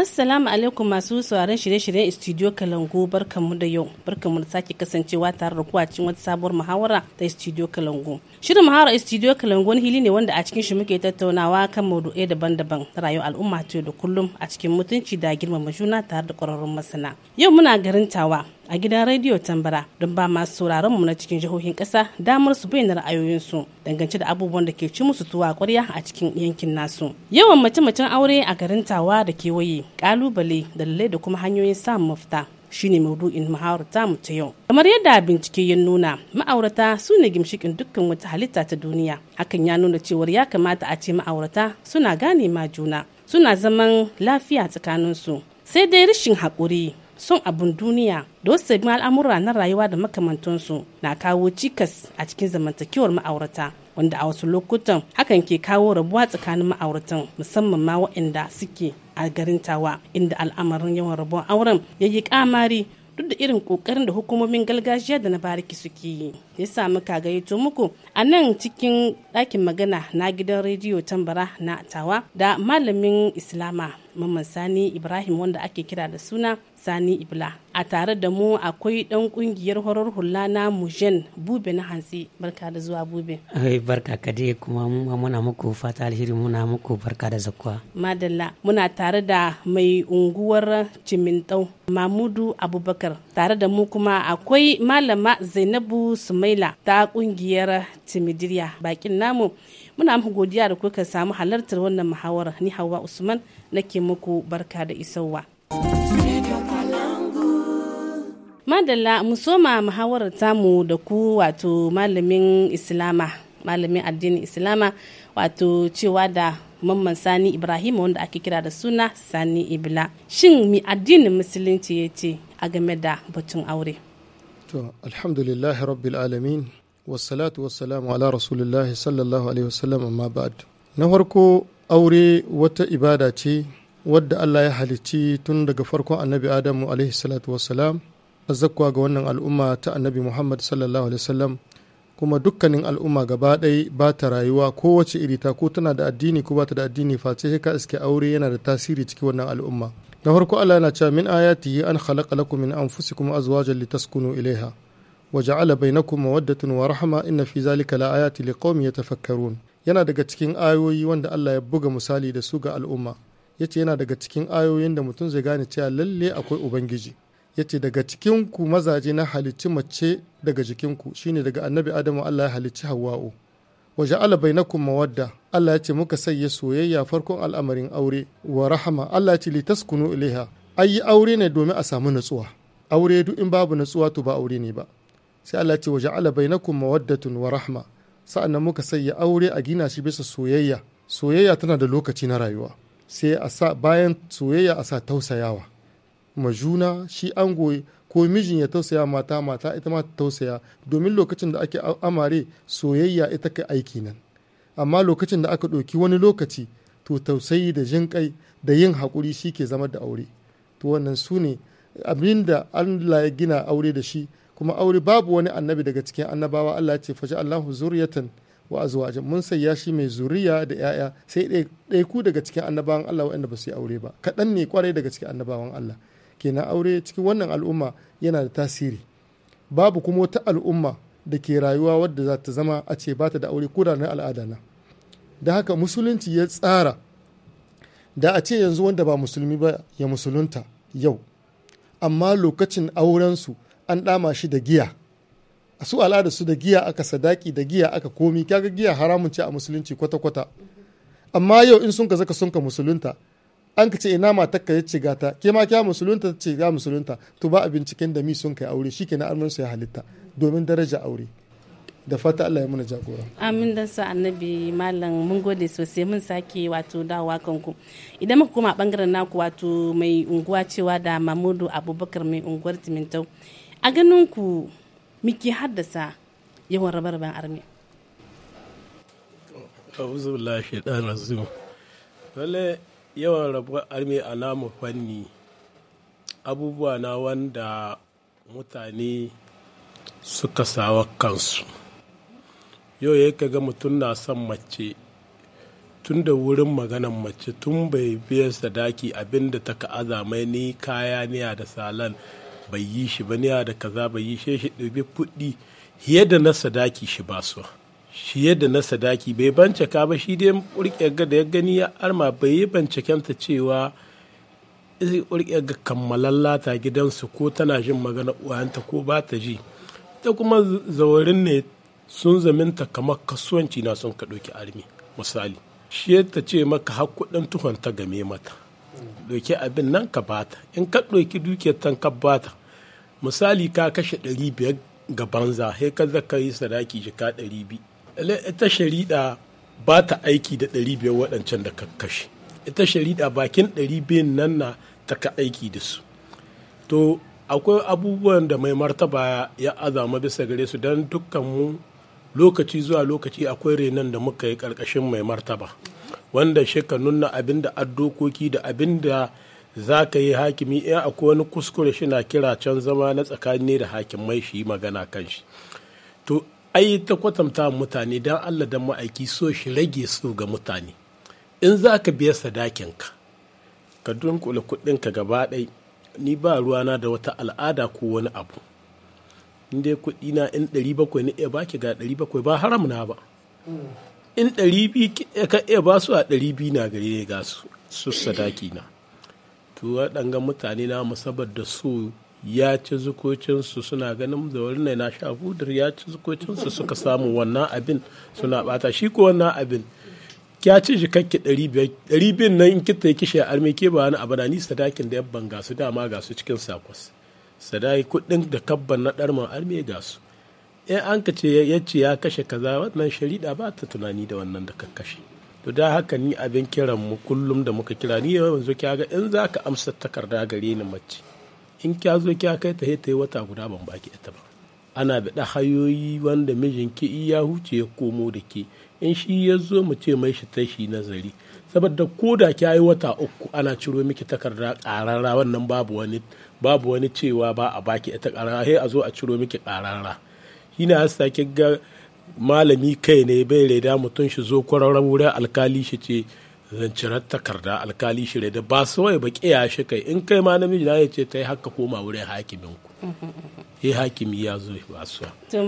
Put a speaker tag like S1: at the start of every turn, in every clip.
S1: Assalamu alaikum masu sauraron shirye-shiryen Studio kalangu barkamu da yau. Barkamu da sake kasancewa tare da kuwa cikin wata sabuwar muhawara ta Studio kalangu Shirin muhawara Studio kalangu wani hili ne wanda a cikin shi muke tattaunawa kan maudu'ai daban-daban ta rayuwar al'umma ta da kullum a cikin mutunci da girmama juna tare da kwararrun masana. Yau muna garin a gidan rediyo tambara don ba masu sauraron mu na cikin jihohin ƙasa damar su bayyana ra'ayoyinsu dangance da abubuwan da ke ci musu tuwa kwarya a cikin yankin nasu. Yawan mace-macen aure a garin tawa da kewaye ƙalubale dalilai da kuma hanyoyin samun mafita. shine maudu'in muhawarta mu ta yau kamar yadda bincike ya nuna ma'aurata su ne gimshikin dukkan wata halitta ta duniya hakan ya nuna cewar ya kamata a ce ma'aurata suna gane ma juna suna zaman lafiya tsakaninsu sai dai rashin haƙuri son abun duniya da wasu sabbin al'amura na rayuwa da makamantansu na kawo cikas a cikin zamantakewar ma'aurata wanda a wasu lokutan hakan ke kawo rabuwa tsakanin ma'auratan musamman ma waɗanda suke a garin tawa inda al'amarin yawan rabuwar auren ya yi kamari duk da irin ƙoƙarin da hukumomin gargajiya da na bariki suke yi ya samu kagayyato muku a nan cikin ɗakin magana na gidan rediyo tambara na tawa da malamin islama mamman sani ibrahim wanda ake kira da suna sani ibla a tare da mu akwai dan kungiyar horar hula na mujen bube na hantsi barka da zuwa bube
S2: eh, barka ka dai kuma muna muku fata alheri muna muku barka da zakwa
S1: madalla muna tare da mai unguwar cimintau mamudu abubakar tare da mu kuma akwai malama zainabu sumaila ta kungiyar timidiriya bakin namu muna muku godiya da kuka samu halartar wannan muhawara ni hawa usman nake muku barka da isowa Madalla mu soma muhawarar tamu da ku wato malamin Islama, malamin addinin Islama wato cewa da Mamman Sani Ibrahim wanda ake kira da suna Sani Ibla. Shin mi addinin Musulunci ya ce a game da batun aure?
S3: To, alhamdulillahi rabbil alamin, wassalatu wassalamu ala rasulillahi sallallahu alaihi wasallam amma ba'ad. Na farko aure wata ibada ce wadda Allah ya halicci tun daga farkon annabi Adamu alaihi salatu wassalam Azakwa ga wannan al'umma ta annabi muhammad sallallahu alaihi wasallam kuma dukkanin al'umma gaba ɗaya ba ta rayuwa kowace iri ta ko tana da addini ko ba ta da addini face ka iske aure yana da tasiri cikin wannan al'umma na farko Allah yana cewa min ayatihi an khalaqa lakum min anfusikum azwajan litaskunu ilaiha wa ja'ala bainakum mawaddatun wa rahma inna fi zalika la ayati liqaumin yatafakkarun yana daga cikin ayoyi wanda Allah ya buga misali da su ga al'umma yace yana daga cikin ayoyin da mutum zai gane cewa lalle akwai ubangiji yace daga cikinku mazaje na halicci mace daga jikinku shine daga annabi adamu Allah ya halicci hawa'u wa ja'ala bainakum mawadda Allah ya ce muka sanya soyayya farkon al'amarin aure wa rahama Allah ya ce litaskunu ilaiha ayi aure ne domin a samu natsuwa aure duk in babu natsuwa to ba aure ne ba sai Allah ya ce wa ja'ala bainakum mawaddatun wa rahma sa'annan muka sanya aure a gina shi bisa soyayya soyayya tana da lokaci na rayuwa sai a sa bayan soyayya a sa tausayawa ma juna shi ango ko mijin ya tausaya mata mata ita ma ta tausaya domin lokacin da ake amare soyayya ita ka aiki nan amma lokacin da aka ɗauki wani lokaci to tausayi da jin kai da yin haƙuri shi ke zama da aure to wannan su ne abin da Allah ya gina aure da shi kuma aure babu wani annabi daga cikin annabawa Allah ce faja Allahu zuriyatan wa azwajan mun sayya shi mai zuriya da yaya sai ɗaiku daga cikin annabawan Allah waɗanda ba su yi aure ba kaɗan ne kwarai daga cikin annabawan Allah kenan aure cikin wannan al'umma yana da tasiri babu kuma wata al'umma da ke rayuwa wadda za ta zama a ce bata da aure ko da na al'ada na da haka musulunci ya tsara da a ce yanzu wanda ba musulmi ba ya musulunta yau amma lokacin aurensu an ɗama shi da giya a su al'ada su da giya aka sadaki da giya aka komi kaga giya haramun ce a musulunci kwata-kwata amma yau in sun ka zaka sun ka musulunta an ka ce ina matar ka yace gata ke ma kya musulunta ta ce ya musulunta to ba a binciken da mi sun kai aure shikenan arnon su ya halitta domin daraja aure da fata Allah ya muna jagora.
S1: Amin dan sa annabi malam mun gode sosai mun sake wato dawowa kanku. Idan muka koma bangaren naku wato mai unguwa cewa da Mamudu Abubakar mai unguwar Timintau. A ganin ku miki haddasa yawan rabarban armi.
S4: Auzu billahi shaitan Lalle yawan rabuwar armi a namu fanni abubuwa na wanda mutane suka sawa kansu yau ya ga mutum na son mace tun da wurin maganan mace tun bai biya sadaki abinda ta ka'aza mai ni kaya niya da salan bai yi shi ba niya da kaza bai yi shi shi kuɗi fiye da na sadaki shi ba su shi yadda na sadaki bai bancaka ba shi dai ga da ya gani ya arma bai yi bincikenta cewa ƙurƙiyar ga kammalan lata gidansu ko tana jin magana uwayenta ko ba ta ji ta kuma zaurin ne sun zaminta kamar kasuwanci na sun ka ɗauki armi misali shi yadda ce maka har kuɗin tuhon ta game mata ɗauki abin nan ka bata in ka ɗauki dukiyar tan ka bata misali ka kashe ɗari biyar ga banza sai ka zaka yi sadaki jika ɗari biyu ita shari'a ba ta aiki da ɗari biyar waɗancan da kakkashi ita shari'a bakin ɗari biyu nan na ta ka aiki da su to akwai abubuwan da mai martaba ya azama bisa gare su don dukkan mu lokaci zuwa lokaci akwai renon da muka yi ƙarƙashin mai martaba wanda shi ka nuna abin da addokoki da abin da za ka yi hakimi in akwai wani kuskure shi na kira can zama na tsakani da hakimai shi magana kan shi to ai ta kwatanta mutane don allah da ma'aiki so shi rage su ga mutane in za ka biya sadakinka ka dunkula kuɗinka gaba ɗai ni ba ruwana da wata al'ada ko wani abu in dai kuɗi na in ɗari bakwai na iya baki ga ɗari bakwai ba haram na ba in ɗari biyu eh, ka iya ba su a ɗari biyu na gari ne ga su sadaki na to waɗanga mutane na musabar da su ya ci zukocinsu suna ganin da wurin na sha hudur ya ci zukocinsu suka samu wannan abin suna bata shi ko wannan abin ya ci jikakki ɗari biyar nan in kita ya kishe armai ke ba wani abu na ni sadakin da yabban ga dama gasu cikin sakwas sadaki kuɗin da kabban na ɗarman arme ga in an ka ya ce ya kashe kaza wannan shari'a ba ta tunani da wannan da ka kashe to da haka ni abin kiran mu kullum da muka kira ni yanzu kya ga in za ka amsa takarda gare ni mace in kya zo kya kai ta ta yi wata guda ban baki ita ba ana da hayoyi wanda mijinki iya huce ya komo da ke in shi ya zo mu ce mai shi tashi nazari saboda ko da kya yi wata uku ana ciro miki takarda ƙarara wannan babu wani babu wani cewa ba a baki ita ƙarara sai a zo a ciro miki ƙarara shi na hasa ga malami kai ne bai reda mutum shi zo kwararren wurin alkali shi ce zancirar takarda alkali shirya da ba wai baƙi ya shi kai in kai ma namiji na ce ta yi haka koma wurin hakimin ku yi hakimi ya zo ba su to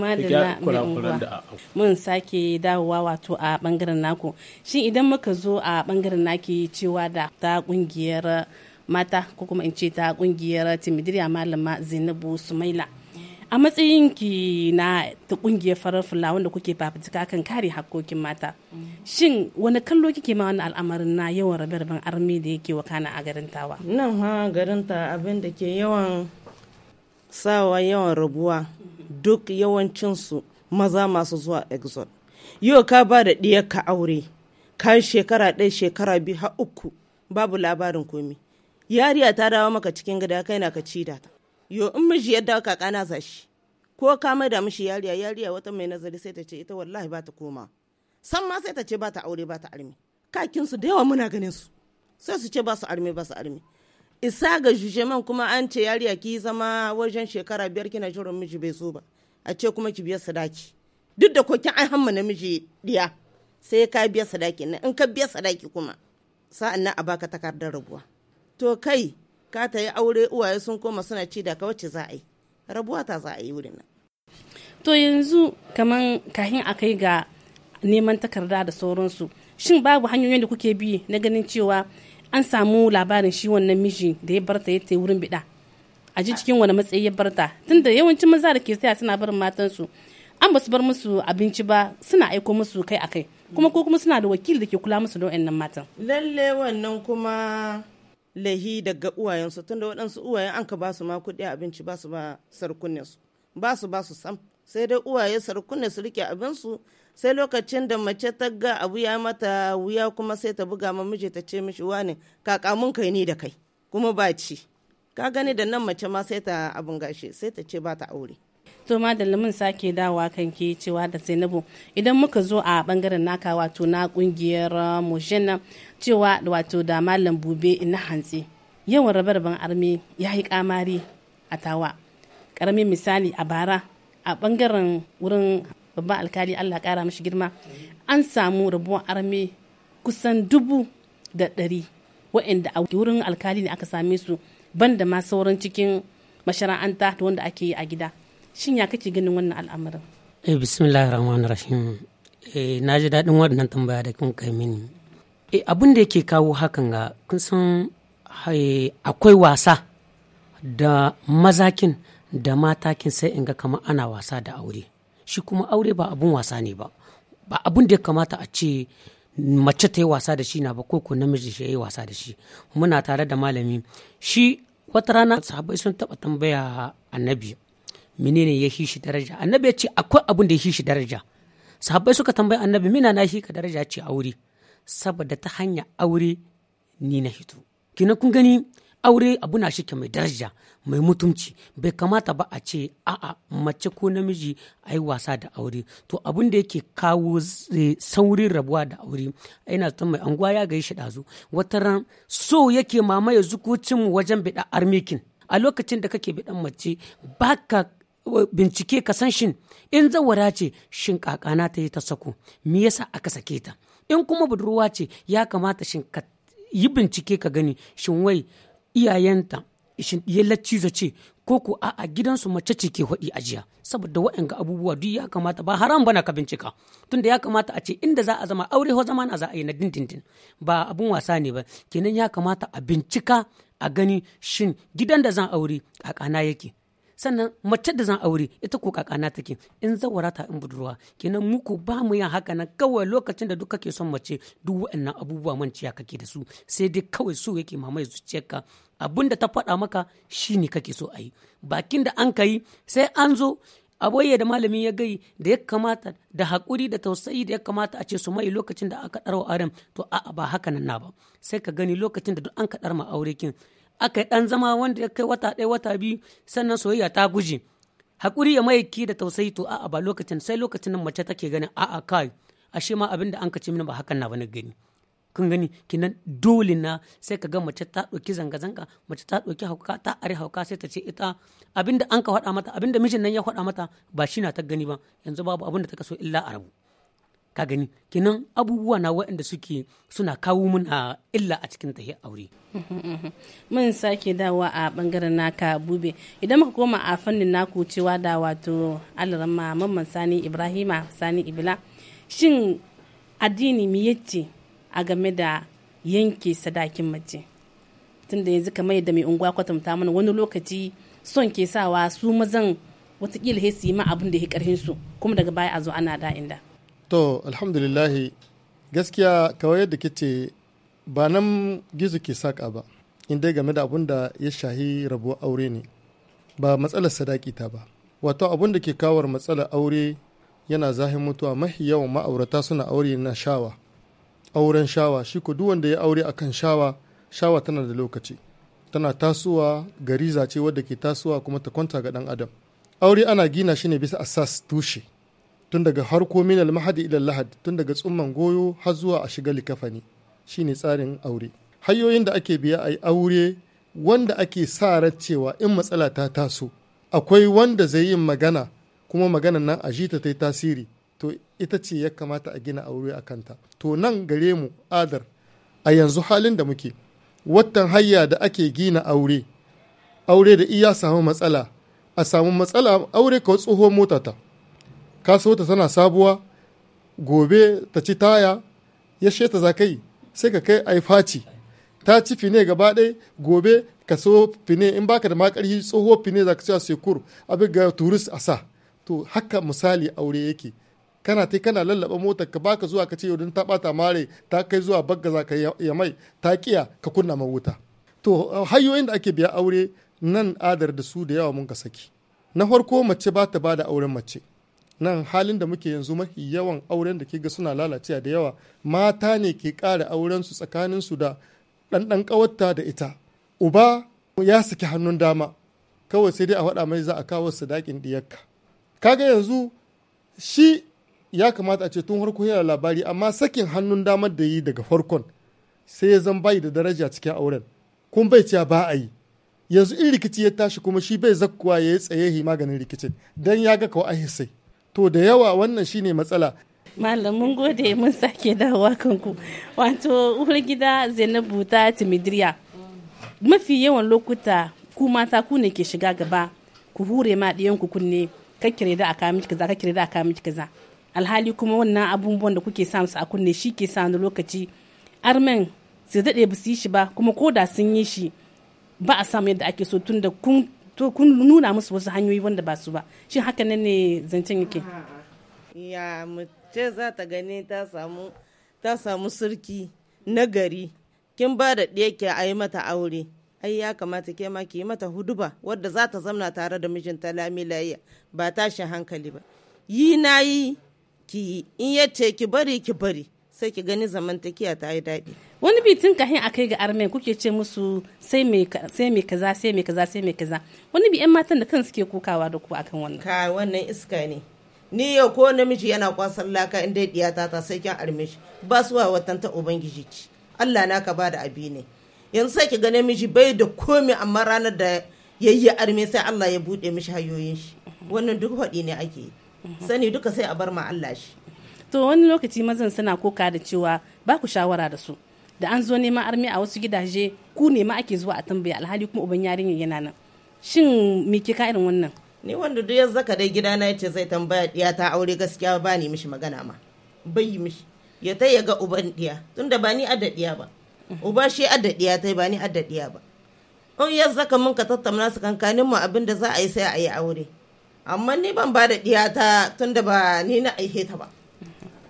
S1: mun sake dawowa wato a bangaren naku shi idan muka zo a bangaren naki cewa da ta kungiyar mata ko kuma in ce ta ƙungiyar timidiriya malama zainabu sumaila a matsayin ki na ta kungiyar farar fula wanda kuke fafutuka kan kare hakkokin mata shin wani kallo kike ma wani al'amarin na yawan rabe-raben armi da yake wakana a garin tawa nan ha garin ta abin da ke yawan sawa yawan rabuwa duk
S5: yawancinsu maza masu zuwa exot yau ka ba da ka aure ka shekara ɗaya shekara biyu har uku babu labarin komi yariya ta dawo maka cikin gada kai na ka ci da ta yo in miji ya dauka kana za shi ko ka mai da mishi yariya yariya wata mai nazari sai ta ce ita wallahi ba ta koma san ma sai ta ce ba ta aure ba ta armi kakin su da yawa muna ganin su sai su ce ba su armi ba su armi isa ga jujeman kuma an ce yariya ki zama wajen shekara biyar kina jiran miji bai zo ba a ce kuma ki biya sadaki duk da kokin ai hamma namiji diya sai ka biya sadaki na in ka biya sadaki kuma sa'an nan a baka takardar rabuwa to kai ka ta yi aure uwaye sun koma suna ci da kawace za a yi rabuwa ta za a yi wurin nan
S1: to yanzu kaman kahin a kai ga neman takarda da sauransu shin babu hanyoyin da kuke bi na ganin cewa an samu labarin shi wannan miji da ya barta ya ta wurin bida a ji cikin wani matsayi ya barta tunda yawancin maza da ke tsaya suna barin matansu an basu bar musu abinci ba suna aiko musu kai a kai kuma ko kuma suna da wakili da ke kula musu da wayannan matan
S5: lalle wannan kuma lahi daga uwayensu tunda waɗansu uwayen an ka ba su ma kuɗi abinci ba su ba sarkunansu ba su ba su sam sai dai uwaye sarkunan su rike abinsu sai lokacin da mace ta ga abu ya mata wuya kuma sai ta buga ma miji ta ce mishi wani kaka mun kai ni da kai kuma ba ci ka gani da nan mace ma sai ta abun gashi sai ta ce ba ta aure
S1: to da lamun sake dawa kan ke cewa da zainabu idan muka zo a bangaren naka wato na kungiyar uh, moshen cewa wato da malam bube na hantsi yawan rabe ban armi ya yi kamari a tawa karamin misali a bara a bangaren wurin babban alkali allah kara mashi girma an samu rabuwar armi kusan dubu da ɗari wa'anda a wurin alkali ne aka same su banda ma sauran cikin mashara'anta wanda ake yi a gida shin ya kake ganin wannan al'amarin
S2: eh bismillahir rahmanir rahim eh na ji daɗin waɗannan tambaya da kun kai mini eh abin da yake kawo hakan ga kun san akwai wasa da mazakin da matakin sai in ga kamar ana wasa da aure shi kuma aure ba abun wasa ne ba ba abun da ya kamata a ce mace ta yi wasa da shi na ba ko ko namiji shi yi wasa da shi muna tare da malami shi wata rana sahabai sun taba tambaya annabi menene ya shi daraja annabi ya ce akwai abin da ya shi daraja sahabbai suka tambayi annabi mina na shi ka daraja ce aure saboda ta hanya aure ni na hito kina kun gani aure abu na shi mai daraja mai mutunci bai kamata ba a ce a'a mace ko namiji a yi wasa da aure to abin da yake kawo saurin rabuwa da aure a ina ta mai anguwa ya gai shi ɗazu wata ran so yake mamaye zukucin wajen biɗa armikin a lokacin da kake biɗan mace baka bincike ka san shin in zawara ce shin kakana ta yi ta sako me yasa aka sake ta in kuma budurwa ce ya kamata shin ka yi bincike ka gani shin wai iyayenta shin yalla cizo ce ko ko a'a gidansu mace ce ke hudi ajiya saboda waɗanga abubuwa duk ya kamata ba haram bana ka bincika tunda ya kamata a ce inda za a zama aure ho zama na za a yi na dindindin ba abun wasa ne ba kenan ya kamata a bincika a gani shin gidan da zan aure kakana yake sannan mace da zan aure ita ko kakana take in zawara ta in budurwa kenan mu ko ba mu yin haka nan kawai lokacin da duk kake son mace duk waɗannan abubuwa manciya kake da su sai dai kawai so yake mamaye zuciyarka abin da ta faɗa maka shine kake so a yi bakin da an ka yi sai an zo aboye da malami ya gai da ya kamata da haƙuri da tausayi da ya kamata a ce su mai lokacin da aka ɗarwa aren to a'a ba haka nan na ba sai ka gani lokacin da duk an ka ɗarma aure kin aka yi ɗan zama wanda ya kai wata ɗaya wata biyu sannan soyayya ta guje hakuri ya maiki da tausayi to a'a ba lokacin sai lokacin nan mace take ganin a'a kai ashe ma abin da an kace mini ba hakan na bane gani kun gani kinan dole na sai ka ga mace ta ɗauki zanga-zanga mace ta ɗauki hauka ta are hauka sai ta ce ita abin da an ka faɗa mata abin da mijin nan ya faɗa mata ba shi na ta gani ba yanzu babu abin da ta kaso illa a rabu ka gani kenan abubuwa na waɗanda suke suna kawo muna ah, illa a cikin tahi aure
S1: mun sake dawa a bangaren naka bube idan muka koma a fannin naku cewa da wato alarama mamman sani ibrahima sani ibila shin addini mi yace a game da yanke sadakin mace tunda yanzu kamar yadda mai unguwa kwatanta mana wani lokaci son ke sawa su mazan watakila su yi ma abin da ya karhin su kuma daga baya a zo ana da
S3: to alhamdulillahi gaskiya kawai yadda kice ba nan gizo ke saƙa ba in game da abun da ya shahi rabuwar aure ne ba matsalar sadaki ta ba wato abun da ke kawar matsalar aure yana zahin mutuwa mahi yawan ma'aurata suna aure na shawa auren shawa shi ko duk wanda ya aure akan shawa shawa tana da lokaci tana tasowa gariza ce wadda ke tasowa kuma ta kwanta ga dan adam aure ana gina shi ne bisa asas tushe tun daga harko minal mahadi ila lahad tun daga tsumman goyo har zuwa a shiga likafani shine tsarin aure hanyoyin da ake biya a aure wanda ake sa ran cewa in matsala ta taso akwai wanda zai yi magana kuma magana nan a ji ta ta tasiri to ita ce ya kamata a gina aure a kanta to nan gare mu adar a yanzu halin da muke watan hayya da ake gina aure aure da iya samu matsala a samu matsala aure ka tsoho motata ka ta tana sabuwa gobe ta ci taya ya sheta za kai sai ka kai ai faci ta ci fine gaba ɗaya gobe ka so fine in baka da makarhi tsoho fine za ka a sekur abin ga turist a sa to haka misali aure yake kana ta kana lallaba motar ka baka zuwa ka ce yau ta bata mare ta kai zuwa bagga za ka ya mai ta kiya ka kunna ma wuta to uh, hanyoyin da ake biya aure nan adar da su da yawa mun ka saki na farko mace ba ta ba auren mace nan halin da muke yanzu mafi yawan auren da ke ga suna lalacewa da yawa mata ne ke ƙara auren su tsakanin su da ɗanɗan ƙawarta da ita uba ya saki hannun dama kawai sai dai a waɗa mai za a kawo sadakin ɗiyarka kaga yanzu shi ya kamata a ce tun farko yana labari amma sakin hannun damar da yi daga farkon sai ya zan bayi da daraja cikin auren kun bai ce ba a yi yanzu in rikici ya tashi kuma shi bai zakkuwa ya yi tsaye maganin rikicin Dan ya ga kawai ahisai to da yawa wannan shine matsala
S1: Malam mun gode mun sake dawowa kanku wato uwar gida Zainabu ta Timidiriya mafi yawan lokuta ku mata ku ne ke shiga gaba ku hure ma ɗiyan ku kunne kakkire da aka miki kaza kakkire da aka miki kaza alhali kuma wannan abubuwan da kuke sa musu a kunne shi ke sa lokaci armen su daɗe ba su yi shi ba kuma ko da sun yi shi ba a samu yadda ake so tunda da kun to kun nuna musu wasu hanyoyi wanda ba su ba shi haka nan ne zancen yake
S5: ya mace za ta gani ta samu ta samu surki na gari kin ba da ke a yi mata aure ai ya kamata ke ma ki yi mata huduba wadda za ta zamna tare da mijinta lami ba tashin hankali ba
S1: yi na yi ki yi in yace ki bari ki bari sai ki gani zamantakiya ta yi daɗi. Wani bitin kahin a kai ga armen kuke ce musu sai mai kaza sai mai kaza sai mai kaza wani bi 'yan matan da kansu ke kukawa da ku akan wannan. Ka wannan iska ne.
S5: Ni yau ko namiji yana kwasan laka in dai ɗiyata ta sai kin arme shi ba su wa watan ta ubangiji ci. Allah naka ba da abi ne. Yanzu sai ki ga namiji bai da komi amma ranar da ya yi arme sai Allah ya buɗe mishi hayoyin shi. Wannan duk faɗi ne ake yi. Mhm.
S1: Sani duka sai a bar ma Allah shi. to wani lokaci mazan suna koka da cewa ba ku shawara da su da an zo neman armi a wasu gidaje ku ne ma ake zuwa a tambaya alhali kuma uban yarinyar yana nan shin me ke ka irin wannan
S5: ni wanda duk ya zaka dai gidana yace zai tambaya diya ta aure gaskiya ba ni mishi magana ma bai yi mishi ya ta ya ga uban diya tunda ba ni adda diya ba uba shi adda diya tai ba ni adda diya ba in ya zaka mun ka tattauna su kankanin mu abin da za a yi sai a yi aure amma ni ban ba da diya ta tunda ba ni na aihe ta ba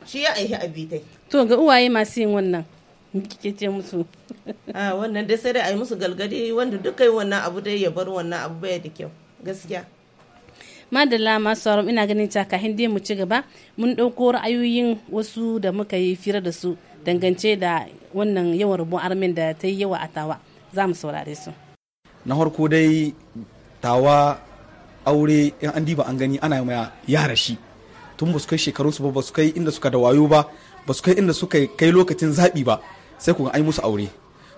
S5: shi ya aihi abitai
S1: to ga uwaye masu yin wannan
S5: kike ce musu a ah, wannan dai sai dai ai musu galgadi wanda dukkan wannan abu dai ya bar wannan abu bai da kyau gaskiya
S1: madalla masu sauran ina ganin cakahin dai mu ci gaba mun ɗauko ra'ayoyin wasu da muka yi fira da su dangance da wannan yawan rubun armin da ta yi yawa a tawa za mu saurare su
S6: na harko dai tawa aure in an diba an gani ana yi yara shi tun ba su kai shekaru su ba ba su kai inda suka da wayo ba ba su kai inda suka kai lokacin zaɓi ba sai ku ga ai musu aure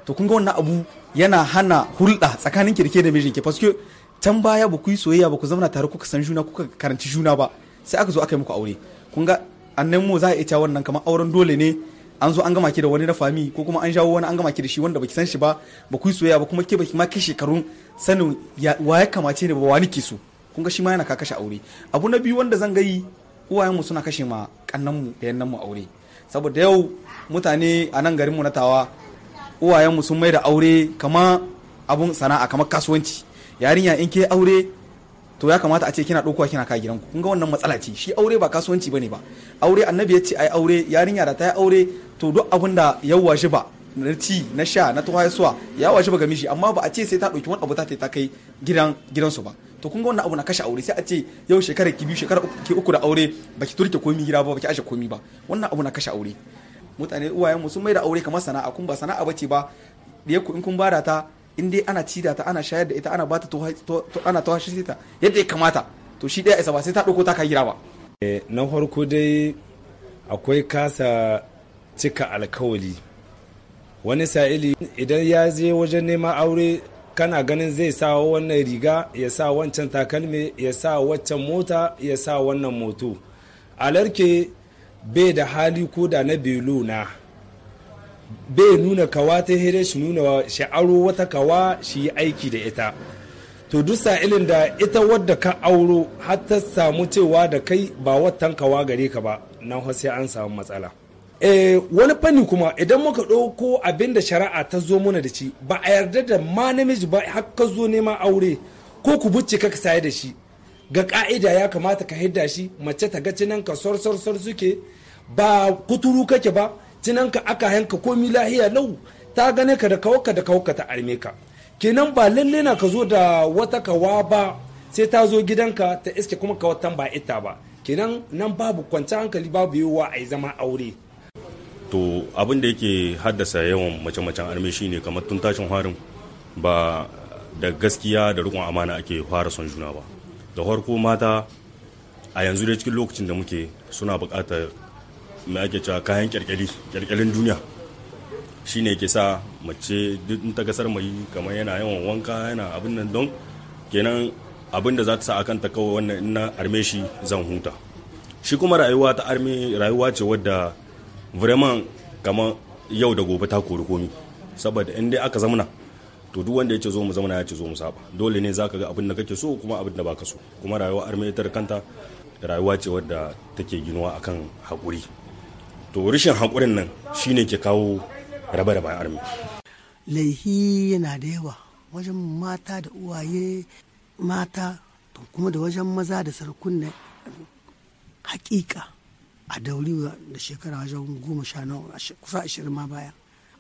S6: to kun ga wannan abu yana hana hulɗa tsakanin kirke da mijinki paske can baya ba ku yi soyayya ba ku zauna tare kuka san juna kuka karanci juna ba sai aka zo aka yi muku aure kun ga annan mu za a iya wannan kamar auren dole ne an zo an gama ki da wani na fami ko kuma an jawo wani an gama ki da shi wanda baki san shi ba ba ku yi soyayya ba kuma ke baki ma kai shekarun sanin wa ya kamace ne ba wani ke so kun ga shi ma yana kakashe aure abu na biyu wanda zan gayi uwayenmu suna kashe ma kannanmu da yannanmu aure saboda yau mutane a nan garinmu na tawa uwayenmu sun mai da aure kama abun sana'a kamar kasuwanci yarinya in ke aure to ya kamata a ce kina dokowa kina ka gidanku kun ga wannan matsala ce shi aure ba kasuwanci bane ba aure annabi ya ce ai aure yarinya da ta yi aure to duk abin da yawwa washi ba na ci na sha na tuwa ya washe ba gamishi amma ba a ce sai ta ɗauki wani abu ta ta kai gidan gidansu ba to kun ga wannan abu na kashe aure sai a ce yau shekara ki biyu shekara ki uku da aure baki turke komi gida ba baki aje komi ba wannan abu na kashe aure mutane uwayen mu sun mai da aure kamar sana'a kun ba sana'a bace ba da ku in kun bada ta in dai ana ci da ta ana shayar da ita ana bata ana shi ta yadda ya kamata to shi ɗaya isa ba sai ta ɗauko ta kai gida ba
S7: eh, na farko dai akwai kasa cika alkawali wani sa'ili idan ya je wajen neman aure kana ganin zai sa wannan riga ya sa wancan takalmi ya sa waccan mota ya sa wannan moto alarke bai da hali ko da na belu na bai nuna kawa ta hira shi nuna sha'aro wata kawa shi yi aiki da ita to duk sa'ilin da ita wadda ka auro har ta samu cewa da kai ba watan kawa gare ka ba nan sai an samu matsala eh, wani fanni kuma idan muka ɗauko abin da shari'a ta zo mana da ci, ba a yarda da ma namiji ba har ka zo nema aure ko ku bucce ka saye da shi ga ka'ida ya kamata ka hidda shi mace ta ga cinan ka sorsorsor suke ba kuturu kake ba cinan ka aka hanka komi lahiya lau ta gane ka da kawaka da kawaka ta arme ka kenan ba lalle na ka zo da wata kawa ba sai ta zo gidanka ta iske kuma kawatan ba ita ba kenan nan babu kwanci hankali babu yiwuwa a yi zama aure
S6: to abin da yake haddasa yawan mace-macen arme ne kamar tun tashin harin ba da gaskiya da rikon amana ake fara son juna ba da farko mata a yanzu da cikin lokacin da muke suna bukatar mai ake cewa kayan kyalkyali kyalkyalin duniya shi ne ke sa mace duk ta gasar mai kamar yana yawan wanka yana abin nan don kenan abin da za ta sa a kanta kawai wannan ina zan huta shi kuma rayuwa ta arme rayuwa ce wadda vraiment kamar yau da gobe ta kori komi saboda in dai aka zamana to duk wanda ya ce zo mu zamana ya ce zo mu saba dole ne zaka ga abin da kake so kuma abin da baka so kuma rayuwa arme ita da kanta rayuwa ce wadda take ginuwa akan hakuri to rashin hakurin nan shine ke kawo rabe-rabe armi.
S8: laihi yana da yawa wajen mata da uwaye mata kuma da wajen maza da sarkunan hakika a dauriwa da shekara wajen goma sha kusa ashirin ma baya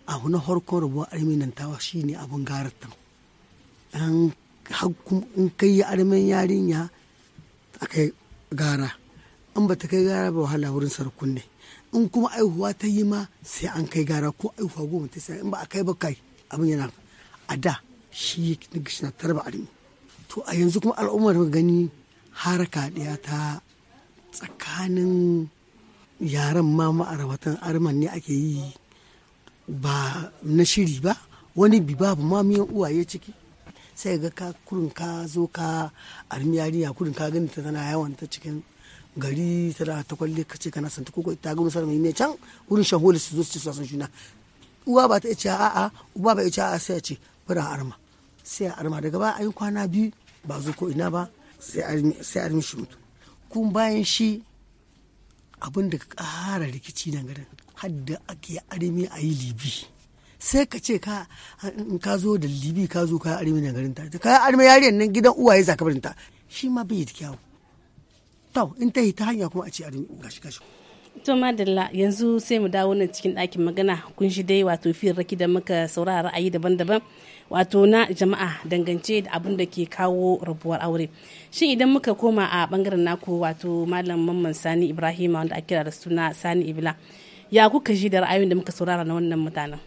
S8: a na harko rabuwa arminan tawa ne abin garatan in kai yi armen yarinya a kai gara in ba ta kai gara ba wahala wurin sarkun ne in kuma aihuwa ta yi ma sai an kai gara ko aihuwa goma ta sai in ba a kai ba kai abin yana a da shi na tarba armi to a yanzu kuma al'ummar gani haraka ɗaya ta tsakanin yaran ma ma'arabatan arman ne ake yi ba na shiri ba wani bi babu ma miyan uwaye ciki sai ga ka kurin ka zo ka armi yarinya kurin ka gani ta tana yawan ta cikin gari da ta kwalle ka ce kana santa koko ta gama sarmai ne can wurin shaholi su zo su ci su san uwa ba ta ce a'a uba ba ya ce a'a sai ya ce bari arma sai arma daga ba yi kwana biyu ba zo ko ina ba sai armi sai armi shi mutu kun bayan shi abin da ka kara rikici nan garin hadda ake arimi a yi libi sai ka ce ka ka zo da libi ka zo ka arimi nan garin ta ka arimi yari nan gidan uwaye zaka barin ta shi ma bai yi kyawu to in ta yi ta hanya kuma a ce arimi gashi gashi
S1: to madalla yanzu sai mu dawo nan cikin ɗakin magana kun shi dai wato raki da muka saurara ra'ayi daban-daban wato na jama'a dangance da abin da ke kawo rabuwar aure shi idan muka koma a bangaren naku wato malam mamman sani ibrahima wanda ake kira da suna sani ibila ya kuka ji da ra'ayoyin da muka saurara na wannan mutanen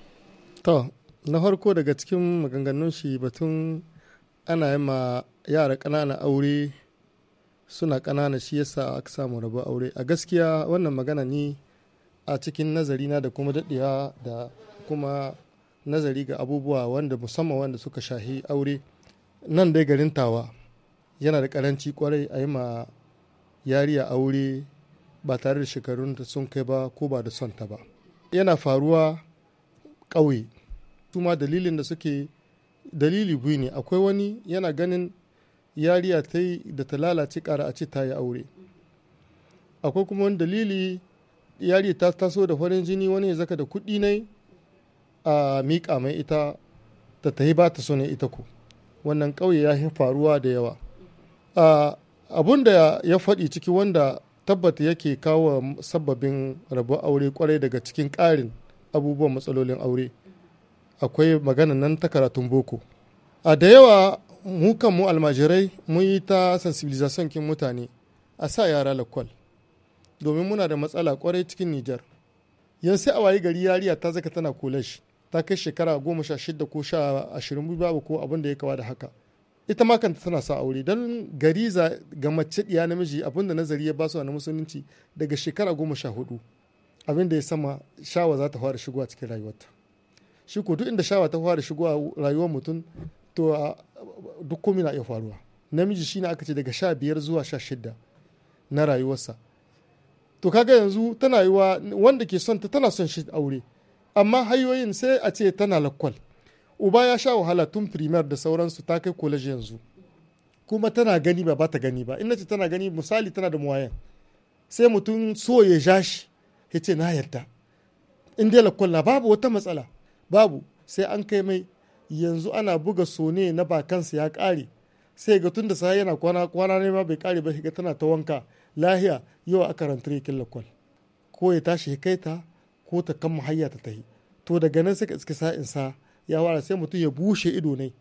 S3: to na farko daga cikin maganganun shi batun ana yi ma yara ƙananan aure suna ƙanana shi yasa aka samu raba aure a gaskiya wannan magana ni a cikin nazari na da kuma daɗewa da kuma nazari ga abubuwa wanda musamman wanda suka shahi aure nan dai garin tawa yana da karanci kwarai a yi ma yari a aure ba tare da shekarun da sun kai ba ko ba da son ta ba yana faruwa ƙauye Tuma dalilin da suke dalili biyu ne akwai wani yana ganin yariya ta yi da ta lalace ƙara a ce ta yi aure akwai kuma wani dalili yari ta taso da farin jini wani ya zaka da kuɗi ne a miƙa mai ita ta tahi ba ta so ne ita ku wannan ƙauye ya faruwa da yawa abun da ya faɗi ciki wanda tabbata yake kawo sababbin rabu aure kwarai daga cikin ƙarin abubuwan matsalolin aure akwai magana nan ta karatun boko a da yawa mu mu almajirai mun yi ta sensibilisation kin mutane a sa yara lakwal domin muna da matsala kwarai cikin Nijar. Yanzu a waye gari yariya ta zaka tana college ta kai shekara goma sha shida ko sha ashirin babu ko abin da ya kawa da haka. Ita ma kanta tana sa aure don gariza ga mace ɗiya namiji abin da nazari ya basu na musulunci daga shekara goma sha hudu abin da ya sama shawa za ta fara shigowa cikin rayuwarta. Shi ko duk inda shawa ta fara shigowa rayuwar mutum to duk komai na iya faruwa namiji shi ne aka ce daga sha biyar zuwa sha shida na rayuwarsa to kaga yanzu tana yiwa wanda ke son ta tana son shi aure amma hayoyin sai a ce tana lakwal uba ya sha wahala tun primar da sauransu ta kai college yanzu kuma tana gani ba ba ta gani ba ina ce tana gani misali tana da muwayan sai mutum so ya ja shi ya ce na yarda in dai lakwal na babu wata matsala babu sai an kai mai yanzu ana buga sone na bakansa ya kare sai ga tun da sa yana kwana kwana ne ma bai kare ba shiga tana ta wanka lahiya yau aka rantar killa lakwal ko ya tashi kaita ko ta kan hayya ta tahi to daga nan suka iske sa'in sa ya wara sai mutum ya bushe ido ne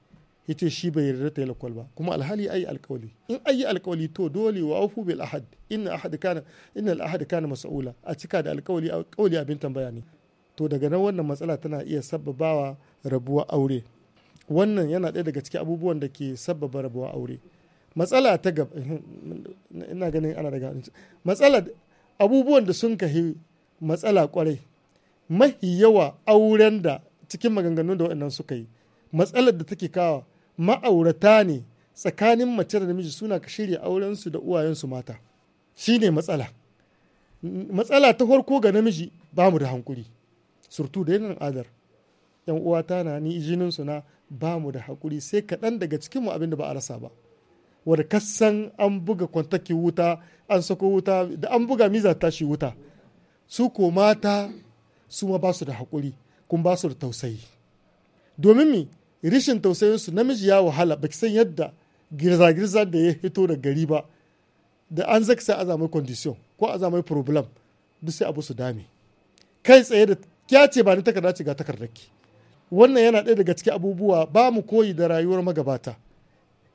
S3: ya ce shi bai yarda ta yi lakwal ba kuma alhali ayi alkawali in ayi alkawali to dole wa aufu bil ahad inna ahad kana inna al ahad kana mas'ula a cika da alkawali alkawali abin tambaya ne to daga nan wannan matsala tana iya sababawa rabuwa aure wannan yana ɗaya daga cikin abubuwan da ke sabbaba rabuwa aure matsala ta gab eh, ina ganin ana daga matsala abubuwan da sun kahi matsala kwarai mahi yawa auren da cikin maganganun da waɗannan suka yi matsalar da take kawa ma'aurata ne tsakanin mace da namiji suna ka shirya aurensu da uwayensu mata shine matsala matsala ta farko ga namiji ba mu da hankuri surtu da yanar adar yan uwata na ni su na ba mu da hakuri sai kaɗan daga cikinmu abin da ba a rasa ba wadda kasan an buga kwantaki wuta an sako wuta da an buga miza tashi wuta su ko mata su ma ba su da hakuri kun ba su da tausayi domin mi rishin tausayinsu namiji ya wahala ba san yadda girza-girza da ya hito da gari ba da an zaka sai azamai condition ko azamai problem duk sai abu su dame kai tsaye da kya ce ba ni takarda ce ga takardar ki wannan yana ɗaya daga cikin abubuwa ba mu koyi da rayuwar magabata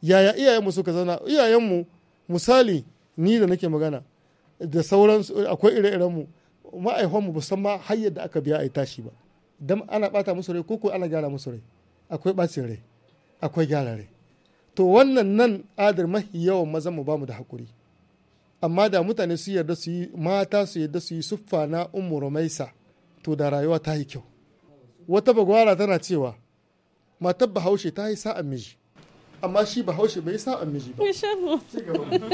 S3: yaya iyayenmu suka zana iyayenmu misali ni da nake magana da sauran akwai ire-irenmu Ma'aikwanmu ba san ma har da aka biya a tashi ba dan ana bata musu rai ko ana gyara musu rai akwai bacin rai akwai gyara rai to wannan nan adar mahi yawan mazan mu bamu da hakuri amma da mutane su yarda su yi mata su yarda su yi suffa na umu to da rayuwa ta yi kyau wata bagwara tana cewa matar bahaushe ta yi sa'an miji amma shi bahaushe bai sa'an miji ba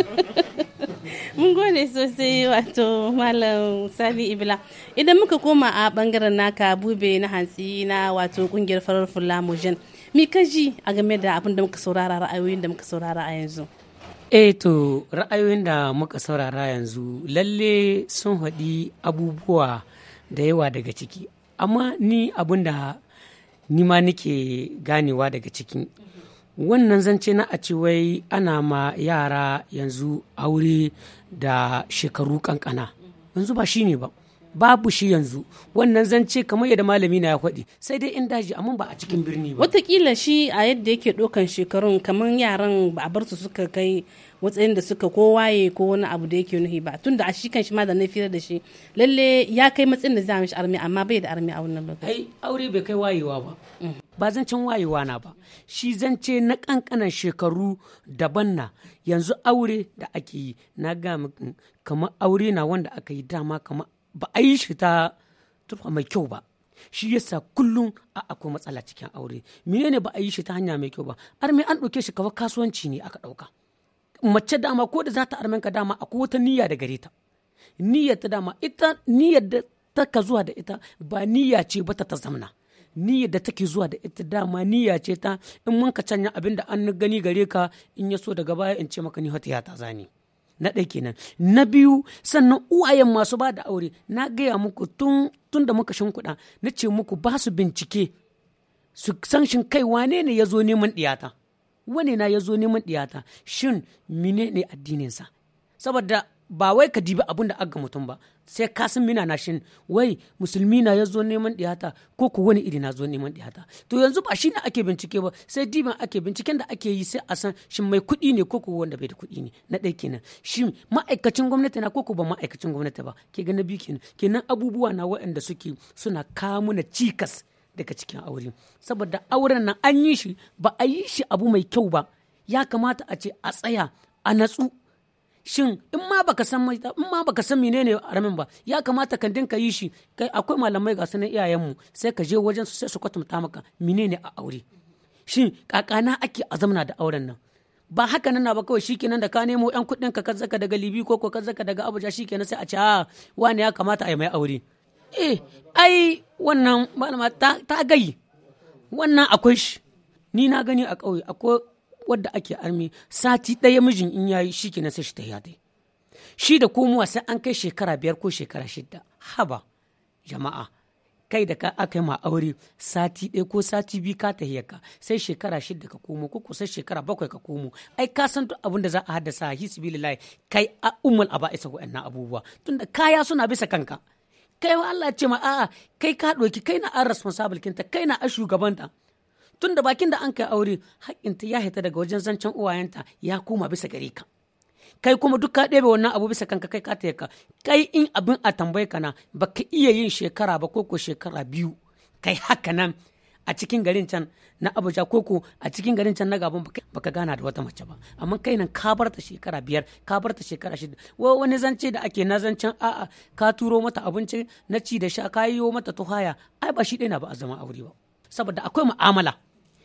S1: mun gode sosai wato malam sabi ibla idan muka koma a bangaren naka bube na hantsi na wato kungiyar farar fula mi mi kaji a game da abin da muka saurara ra'ayoyin da muka saurara a yanzu
S2: eh to ra'ayoyin da muka saurara yanzu lalle sun haɗi abubuwa da yawa daga ciki amma ni abin da ni ma nake ganewa daga cikin wannan zance na a wai ana ma yara yanzu aure da shekaru kankana yanzu ba shi ne ba babu shi yanzu wannan zance kamar yadda malami na ya faɗi sai dai in daji amma ba a cikin birni ba watakila shi a yadda yake ɗaukan shekarun kamar
S1: yaran ba a bar su suka kai watsayin da suka ko waye ko wani abu da yake nuhi ba tunda a shi kan shi ma da na fira da shi lalle ya kai matsayin da za mishi armi amma bai da armi a wannan lokaci
S2: ai aure bai kai wayewa ba mm. ba zancen wayewa na ba shi zance na kankanan shekaru daban na yanzu aure da ake yi na ga kamar aure na wanda aka yi dama kamar ba a yi shi ta turfa mai kyau ba shi yasa kullum a akwai matsala cikin aure menene ba a yi shi ta hanya mai kyau ba arme an ɗauke shi kawai kasuwanci ne aka ɗauka mace dama ko da za ta armen ka dama akwai wata niyya da gare ta niyyar ta dama ita niyyar da ta ka zuwa da ita ba niyya ce ba ta ta zamna niyyar da take zuwa da ita dama niyya ce ta in mun ka canya abin da an gani gare ka in ya so daga baya in ce maka ni hotiya ta zani na ɗaya kenan na biyu sannan uwayen masu ba da aure na gaya muku tun tun da muka kuɗa na ce muku ba su bincike su san shin kai wane ne ya zo neman ɗiyata wane na ya zo neman ɗiyata shin mine ne addininsa saboda ba wai ka dibi abin da ga mutum ba sai ka san mina na shin wai musulmi na ya zo neman diyata ko ko wani iri na zo neman diyata to yanzu ba shi ne ake bincike ba sai diban ake binciken da ake yi sai a san shin mai kuɗi ne ko ko wanda bai da kuɗi ne na ɗaya kenan shi ma'aikacin gwamnati na ko ko ba ma'aikacin gwamnati ba ke ga na biyu kenan kenan abubuwa na waɗanda suke suna kawo mana cikas daga cikin aure saboda auren nan an yi shi ba a yi shi abu mai kyau ba ya kamata a ce a tsaya a natsu shin in ma baka san in ma baka san menene aramin ba ya kamata ka dinka yi shi kai akwai malamai ga sanan mu. sai ka je wajen su sai su kwatanta maka menene a aure shin kakana ake azamna da auren nan ba haka nan ba kawai shikenan da ka nemo yan kuɗin ka kazzaka daga Libi ko ko kazzaka daga Abuja shikenan sai a ce a ah, wani ya kamata a yi mai aure eh ai wannan malama ta, ta gai wannan akwai shi ni na gani a ƙauye akwai wadda ake armi sati ɗaya mijin in yayi shi ke sai shi ta yadai shi da komowa sai an kai shekara biyar ko shekara shida haba jama'a kai da ka aka yi ma aure sati ɗaya ko sati biyu ka tahiyar ka sai shekara shida ka komo ko sai shekara bakwai ka komo ai ka san duk abin da za a haddasa hisbilillahi kai a ummul aba'isa wa'annan abubuwa tunda kaya suna bisa kanka kai wa Allah ce ma a'a kai ka ɗauki kai na an responsible kinta kai na a shugabanta tun da bakin da an kai aure haƙƙinta ya hita daga wajen zancen uwayenta ya koma bisa gare ka kai kuma duk ka ɗebe wannan abu bisa kanka kai ka ta ka kai in abin a tambaye ka na ba ka iya yin shekara ba ko ko shekara biyu kai haka nan a cikin garin can na abuja ko ko a cikin garin can na gabon ka gana da wata mace ba amma kai nan ka bar ta shekara biyar ka bar ta shekara shida wani zance da ake na zancen a'a ka turo mata abinci na ci da sha ka yi mata tuhaya ai ba shi ɗaya na ba a zama aure ba saboda akwai mu'amala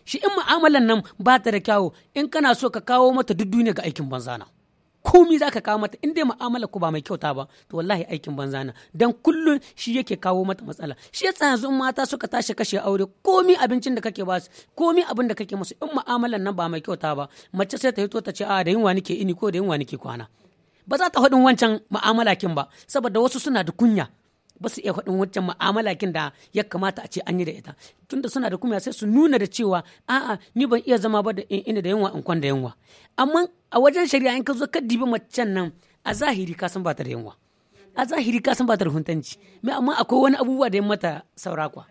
S2: shi in mu'amalan nan ba ta da kyawu in kana so ka kawo mata duk duniya ga aikin banza na komi za ka kawo mata in dai mu'amala ku ba mai kyauta ba to wallahi aikin banza na dan kullun shi yake kawo mata matsala shi yasa yanzu mata suka tashi kashe aure komi abincin da kake ba su komi abin da kake musu in ma'amalan nan ba mai kyauta ba mace sai ta hito ta ce a ah, da yunwa nake ini ko da yunwa nake kwana ba za ta haɗin wancan mu'amala kin ba saboda wasu suna da kunya ba su iya faɗin wancan mu'amala kin da ya kamata a ce an yi da ita tunda suna da kuma sai su nuna da cewa a'a ni ban iya zama ba da in ina da yanwa in kwanda da yanwa amma a wajen shari'a in ka zo ka dibi macen nan a zahiri ka san ba ta da yanwa a zahiri ka san ba ta da huntanci me amma akwai wani abubuwa da ya mata saura kwa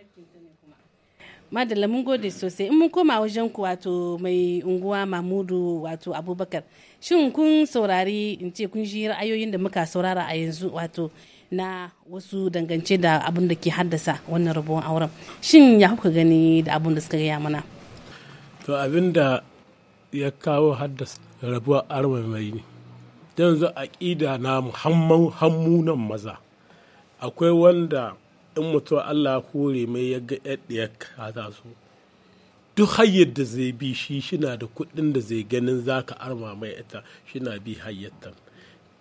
S1: madalla mun gode sosai in mun koma wajen ku wato mai unguwa mamudu wato abubakar shin kun saurari in ce kun ji ra'ayoyin da muka saurara a yanzu wato na wasu dangance da abin da ke haddasa wannan rabuwan auren shin ya kuka gani da abin da suka gaya mana
S4: to abin da ya kawo haddasa rabuwar auren mai ne a ƙida na hammunan maza akwai wanda in mutuwa Allah kore mai ya ga ya su duk hayyar da zai bi shi shina da kuɗin da zai ganin zaka arma mai ita shina bi hayyatan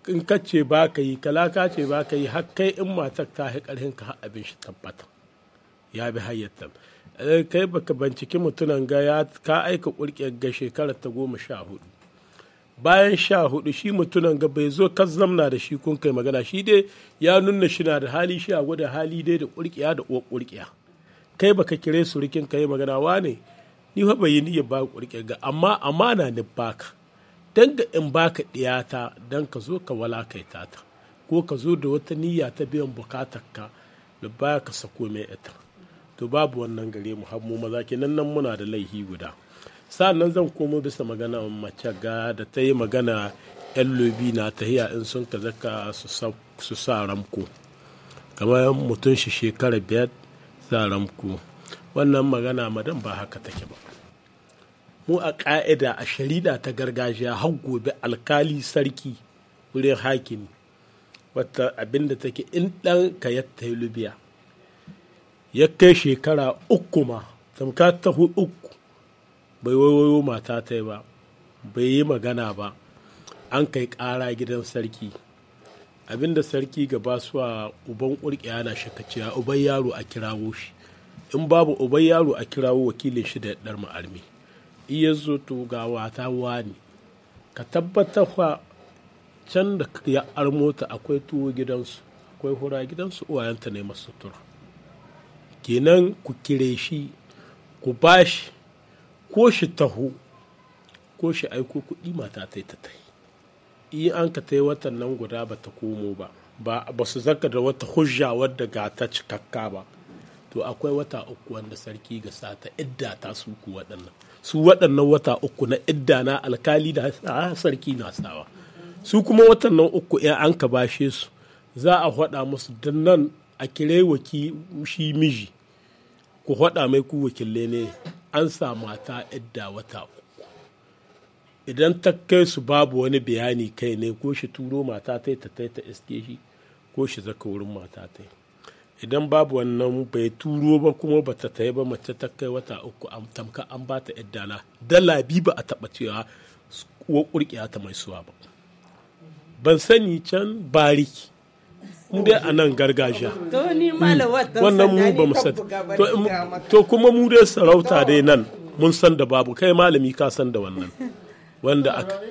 S4: in ka ce ba ka yi kalaka ce ba ka yi har kai in matar ta haƙi karhin ka abin shi tabbata ya bi hayyata eh, kai baka binciki mutunan ga ya ka aika kurke ga shekarar ta goma sha hudu bayan sha hudu shi mutunan ga bai zo ka zamna da shi kun kai magana shi dai ya nuna shi na da hali shi a gwada hali dai da kurkiya da uwar kurkiya kai baka kire surukin ka yi magana wane ni fa bai yi niyyar ba kurke ga amma amana ni baka don ga in baka ɗiyata don ka zo ka walakaita ta ko ka zo da wata niyya ta biyan ka da baya ka sako mai ita to babu wannan gare mu har mu maza kenan nan muna da laihi guda sa'annan zan komo bisa magana mace ga da ta yi magana yan lobi na tahiya in sun ka zaka su sa ramko kamar mutum shi shekara biyar sa ramko wannan magana madan ba haka take ba mu a ƙa'ida a shari'a ta gargajiya har gobe alkali sarki wurin hakimi wata abinda take in ɗan ka ya lubiya ya kai shekara uku ma tamka ta uku bai wayo mata ta ba bai yi magana ba an kai ƙara gidan sarki abinda sarki ga basuwa uban ƙurƙiya na shakaciya uban yaro a kirawo shi in babu uban yaro a kirawo wakilin shi da ɗar ma'armi iya zo to ga wata wani ka tabbatar fa can da ya armota akwai tuwo gidansu akwai hura gidansu uwayenta ne masu sutura kenan ku kire shi ku bashi ko shi taho ko shi aiko kuɗi mata ta ta tai iya an ka ta yi watan nan guda ba ta komo ba ba su zaka da wata hujja wadda ga ta cikakka ba to akwai wata uku wanda sarki ga sata idda ta suku waɗannan su waɗannan wata uku na idda na alkali da sarki na sawa su kuma watannan uku ya an ka bashe su za a faɗa musu don nan a kire waki shi miji ku faɗa mai ku wakile ne an sa mata idda wata uku idan ta kai su babu wani bayani kai ne ko shi turo mata ta ta iske shi ko shi zaka wurin mata ta idan babu wannan bai turo ba kuma ba ta tayi ba mace ta kai wata uku a tamka an ba ta dala dala bi ba a taɓa cewa uwa ƙurƙiya ta mai suwa ba ban sani can bariki dai a nan gargajiya
S5: mm. wannan mu ba mu sani
S4: to kuma mu dai sarauta dai nan mun san da babu kai malami ka san da wannan wanda aka